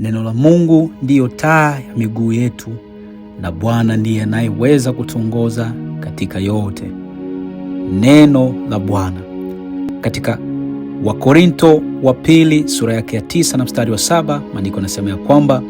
Neno la Mungu ndiyo taa ya miguu yetu na Bwana ndiye anayeweza kutuongoza katika yote. Neno la Bwana katika Wakorinto wa pili sura yake ya tisa na mstari wa saba maandiko anasema ya kwamba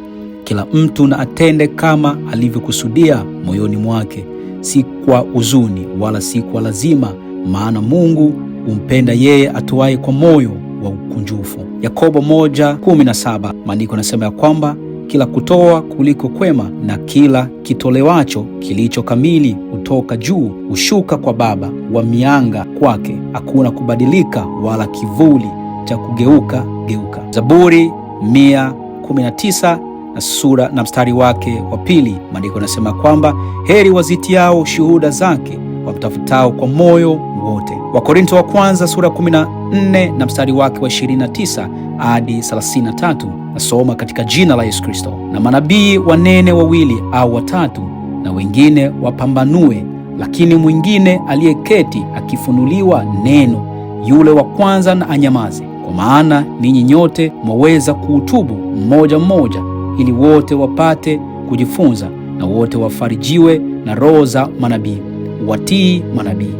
kila mtu na atende kama alivyokusudia moyoni mwake, si kwa huzuni wala si kwa lazima, maana Mungu umpenda yeye atoaye kwa moyo wa ukunjufu. Yakobo moja kumi na saba. Maandiko yanasema ya kwamba kila kutoa kuliko kwema na kila kitolewacho kilicho kamili hutoka juu, hushuka kwa Baba wa mianga, kwake hakuna kubadilika wala kivuli cha kugeuka geuka. Zaburi 119 na sura na mstari wake wa pili, maandiko yanasema kwamba heri wazitiao shuhuda zake, wamtafutao kwa moyo wote. Wakorinto wa kwanza sura 14 na mstari wake wa 29 hadi 33 nasoma katika jina la Yesu Kristo. Na manabii wanene wawili au watatu, na wengine wapambanue, lakini mwingine aliyeketi akifunuliwa neno, yule wa kwanza na anyamaze. Kwa maana ninyi nyote mwaweza kuutubu mmoja mmoja, ili wote wapate kujifunza, na wote wafarijiwe na roho za manabii, watii manabii.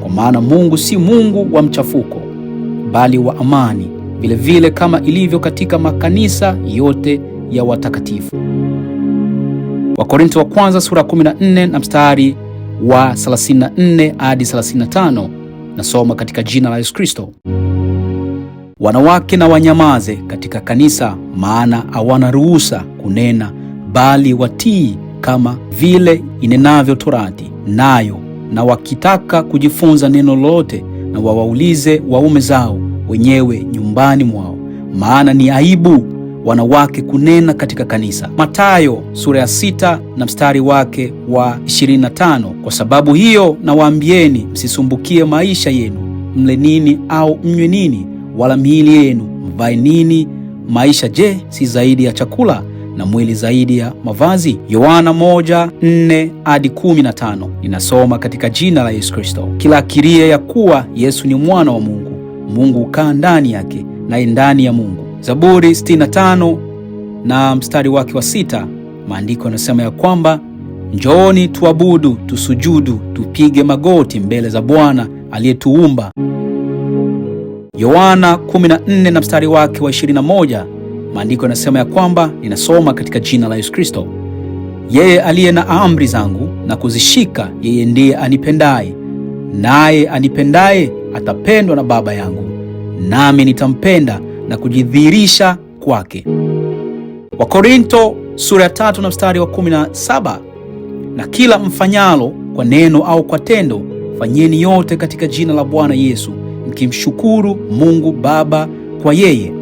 Kwa maana Mungu si Mungu wa mchafuko, bali wa amani vilevile vile kama ilivyo katika makanisa yote ya watakatifu. Wakorinto wa kwanza sura 14 na mstari wa 34 hadi 35, nasoma katika jina la Yesu Kristo. Wanawake na wanyamaze katika kanisa, maana hawana ruhusa kunena, bali watii kama vile inenavyo Torati nayo. Na wakitaka kujifunza neno lolote, na wawaulize waume zao wenyewe nyumbani mwao, maana ni aibu wanawake kunena katika kanisa. Mathayo sura ya sita na mstari wake wa 25, kwa sababu hiyo nawaambieni, msisumbukie maisha yenu, mle nini au mnywe nini, wala miili yenu mvae nini. Maisha je, si zaidi ya chakula na mwili zaidi ya mavazi? Yohana nne hadi 15. Ninasoma katika jina la Yesu Kristo. Kila akiria ya kuwa Yesu ni mwana wa Mungu Mungu hukaa ndani yake naye ndani ya Mungu. Zaburi 65 na mstari wake wa sita, maandiko yanasema ya kwamba njooni tuabudu, tusujudu, tupige magoti mbele za Bwana aliyetuumba. Yohana 14 na mstari wake wa 21, maandiko yanasema ya kwamba ninasoma katika jina la Yesu Kristo, yeye aliye na amri zangu na kuzishika, yeye ndiye anipendaye, naye anipendaye atapendwa na Baba yangu, nami nitampenda na kujidhihirisha kwake. Wakorinto sura ya tatu na mstari wa 17. Na kila mfanyalo kwa neno au kwa tendo, fanyeni yote katika jina la Bwana Yesu, mkimshukuru Mungu Baba kwa yeye.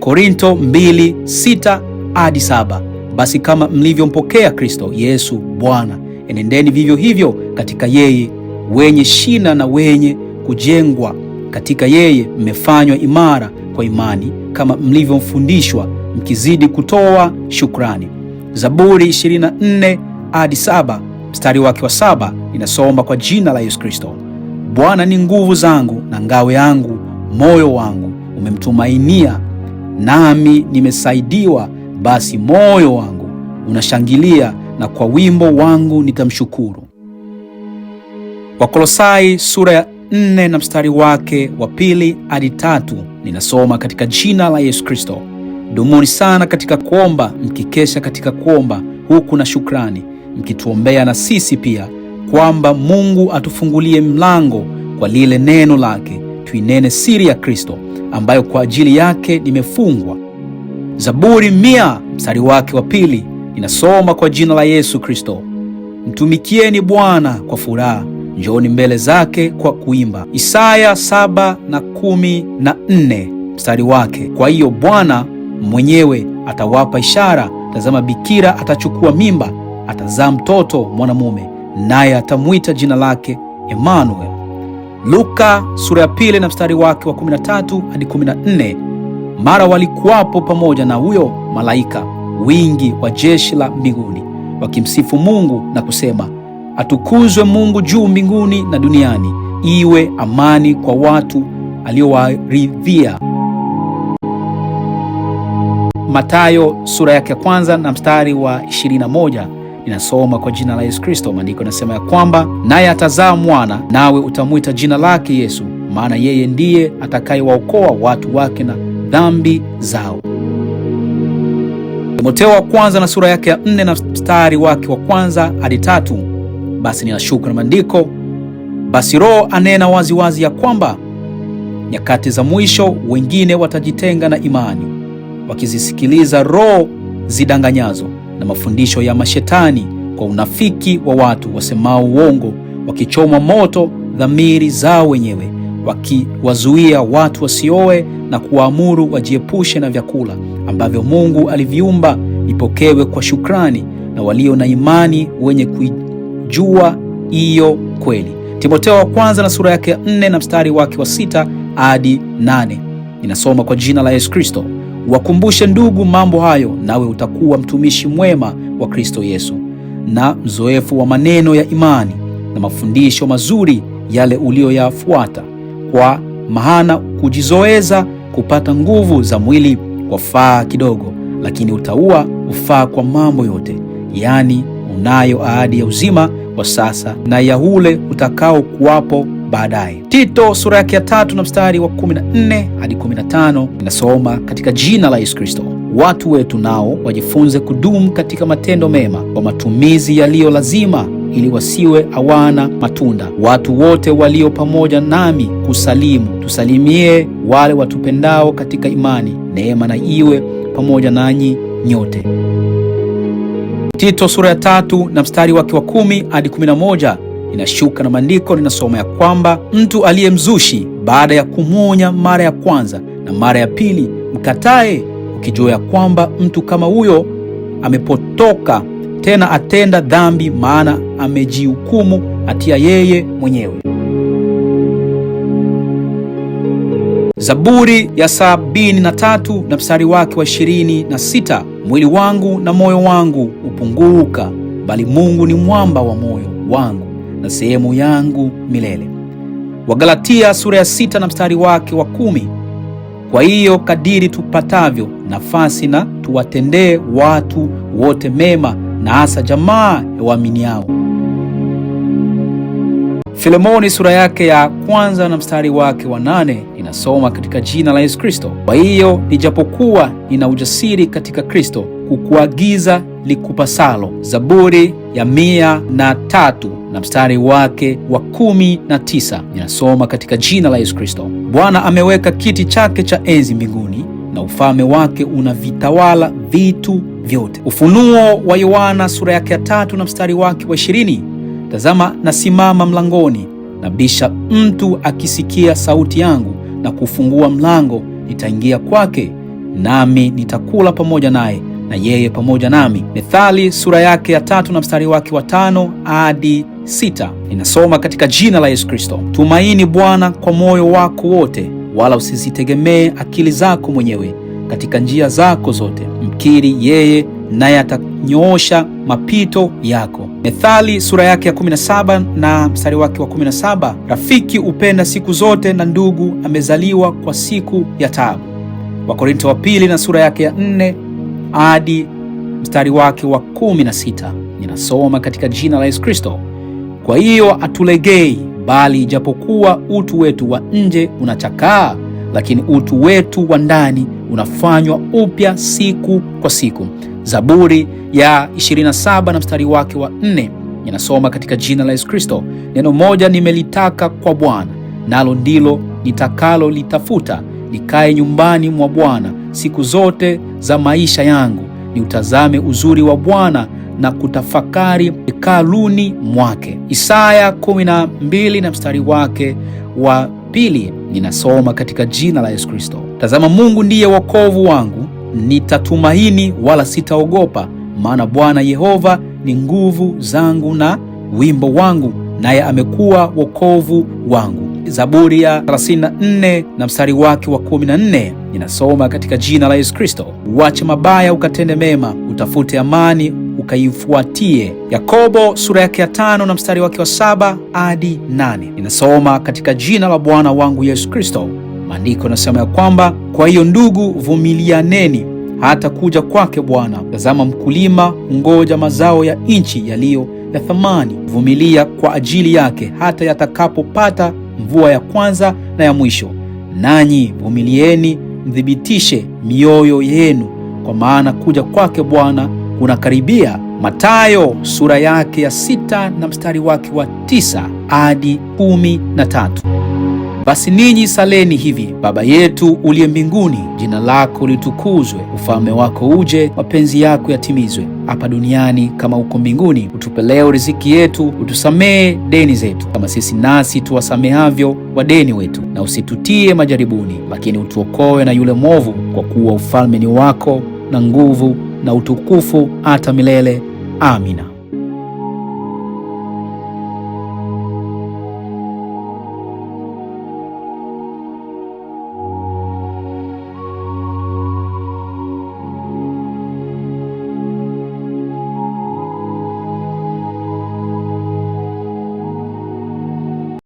Korinto 2:6 hadi 7. Basi kama mlivyompokea Kristo Yesu Bwana, enendeni vivyo hivyo katika yeye, wenye shina na wenye kujengwa katika yeye mmefanywa imara kwa imani kama mlivyofundishwa, mkizidi kutoa shukrani. Zaburi 24 hadi 7 mstari wake wa saba inasoma kwa jina la Yesu Kristo. Bwana ni nguvu zangu na ngao yangu, moyo wangu umemtumainia, nami nimesaidiwa, basi moyo wangu unashangilia na kwa wimbo wangu nitamshukuru. Wakolosai sura ya nne na mstari wake wa pili hadi tatu ninasoma katika jina la Yesu Kristo. Dumuni sana katika kuomba, mkikesha katika kuomba huku na shukrani, mkituombea na sisi pia, kwamba Mungu atufungulie mlango kwa lile neno lake, tuinene siri ya Kristo ambayo kwa ajili yake nimefungwa. Zaburi mia mstari wake wa pili ninasoma kwa jina la Yesu Kristo. Mtumikieni Bwana kwa furaha njooni mbele zake kwa kuimba. Isaya saba na kumi na nne mstari wake, kwa hiyo Bwana mwenyewe atawapa ishara, tazama, bikira atachukua mimba, atazaa mtoto mwanamume, naye atamwita jina lake Emmanuel. Luka sura ya pili na mstari wake wa 13 hadi 14, mara walikuwapo pamoja na huyo malaika wingi wa jeshi la mbinguni wakimsifu Mungu na kusema Atukuzwe Mungu juu mbinguni na duniani iwe amani kwa watu aliyowaridhia Mathayo sura yake ya kwanza na mstari wa 21 inasoma kwa jina la Yesu Kristo. Maandiko inasema ya kwamba naye atazaa mwana, nawe utamwita jina lake Yesu, maana yeye ndiye atakayewaokoa watu wake na dhambi zao. Timotheo wa kwanza na sura yake ya 4 na mstari wake wa kwanza hadi tatu basi ninashuku na maandiko, basi Roho anena waziwazi wazi ya kwamba nyakati za mwisho wengine watajitenga na imani, wakizisikiliza roho zidanganyazo na mafundisho ya mashetani kwa unafiki wa watu wasemao uongo, wakichoma moto dhamiri zao wenyewe, wakiwazuia watu wasioe na kuwaamuru wajiepushe na vyakula ambavyo Mungu aliviumba vipokewe kwa shukrani na walio na imani wenye kui kujua hiyo kweli. Timotheo wa kwanza na sura yake ya 4 na mstari wake wa sita hadi nane. inasoma kwa jina la Yesu Kristo. Wakumbushe ndugu mambo hayo, nawe utakuwa mtumishi mwema wa Kristo Yesu na mzoefu wa maneno ya imani na mafundisho mazuri yale uliyoyafuata, kwa maana kujizoeza kupata nguvu za mwili kwa faa kidogo, lakini utaua ufaa kwa mambo yote, yaani unayo ahadi ya uzima wa sasa na ya ule utakaokuwapo baadaye. Tito sura yake ya tatu na mstari wa 14 hadi 15 inasoma, katika jina la Yesu Kristo watu wetu nao wajifunze kudumu katika matendo mema kwa matumizi yaliyo lazima ili wasiwe hawana matunda. Watu wote walio pamoja nami kusalimu. Tusalimie wale watupendao katika imani. Neema na iwe pamoja nanyi nyote. Tito sura ya tatu na mstari wake wa kumi hadi kumi na moja inashuka na maandiko linasoma ya kwamba mtu aliyemzushi baada ya kumwonya mara ya kwanza na mara ya pili mkatae, ukijua ya kwamba mtu kama huyo amepotoka tena atenda dhambi, maana amejihukumu hatia yeye mwenyewe. Zaburi ya sabini na tatu na mstari wake wa ishirini na sita Mwili wangu na moyo wangu hupunguka, bali Mungu ni mwamba wa moyo wangu na sehemu yangu milele. Wagalatia sura ya sita na mstari wake wa kumi. Kwa hiyo kadiri tupatavyo nafasi na tuwatendee watu wote mema, na hasa jamaa ya waaminiao. Filemoni sura yake ya kwanza na mstari wake wa nane inasoma katika jina la Yesu Kristo. Kwa hiyo nijapokuwa nina ujasiri katika Kristo kukuagiza likupasalo. Zaburi ya mia na tatu na mstari wake wa kumi na tisa inasoma katika jina la Yesu Kristo. Bwana ameweka kiti chake cha enzi mbinguni na ufalme wake unavitawala vitu vyote. Ufunuo wa Yohana sura yake ya tatu na mstari wake wa ishirini Tazama nasimama mlangoni, na bisha Mtu akisikia sauti yangu na kufungua mlango, nitaingia kwake, nami nitakula pamoja naye na yeye pamoja nami. Methali sura yake ya tatu na mstari wake wa tano hadi sita inasoma katika jina la Yesu Kristo. Tumaini Bwana kwa moyo wako wote, wala usizitegemee akili zako mwenyewe. Katika njia zako zote mkiri yeye, naye atanyoosha mapito yako. Methali sura yake ya 17 na mstari wake wa 17, rafiki hupenda siku zote na ndugu amezaliwa kwa siku ya taabu. Wakorinto wa pili na sura yake ya 4 hadi mstari wake wa 16, ninasoma katika jina la Yesu Kristo. Kwa hiyo hatulegei, bali ijapokuwa utu wetu wa nje unachakaa, lakini utu wetu wa ndani unafanywa upya siku kwa siku. Zaburi ya 27 na mstari wake wa 4 inasoma katika jina la Yesu Kristo, neno moja nimelitaka kwa Bwana, nalo ndilo nitakalolitafuta, nikae nyumbani mwa Bwana siku zote za maisha yangu, niutazame uzuri wa Bwana na kutafakari hekaluni mwake. Isaya 12 na mstari wake wa pili ninasoma katika jina la Yesu Kristo, tazama Mungu ndiye wokovu wangu nitatumaini wala sitaogopa, maana Bwana Yehova ni nguvu zangu na wimbo wangu, naye amekuwa wokovu wangu. Zaburi ya 34 na mstari wake wa 14 inasoma katika jina la Yesu Kristo, uache mabaya ukatende mema, utafute amani ukaifuatie. Yakobo sura yake ya tano na mstari wake wa saba hadi 8 inasoma katika jina la Bwana wangu Yesu Kristo Maandiko yanasema ya kwamba kwa hiyo ndugu, vumilianeni hata kuja kwake Bwana. Tazama, mkulima ngoja mazao ya nchi yaliyo ya thamani, vumilia kwa ajili yake hata yatakapopata mvua ya kwanza na ya mwisho. Nanyi vumilieni, mthibitishe mioyo yenu, kwa maana kuja kwake Bwana kunakaribia. Mathayo sura yake ya sita na mstari wake wa tisa hadi kumi na tatu. Basi ninyi saleni hivi: Baba yetu uliye mbinguni, jina lako litukuzwe, ufalme wako uje, mapenzi yako yatimizwe hapa duniani kama huko mbinguni. Utupe leo riziki yetu, utusamehe deni zetu kama sisi nasi tuwasamehavyo wadeni wetu, na usitutie majaribuni, lakini utuokoe na yule mwovu, kwa kuwa ufalme ni wako na nguvu na utukufu hata milele. Amina.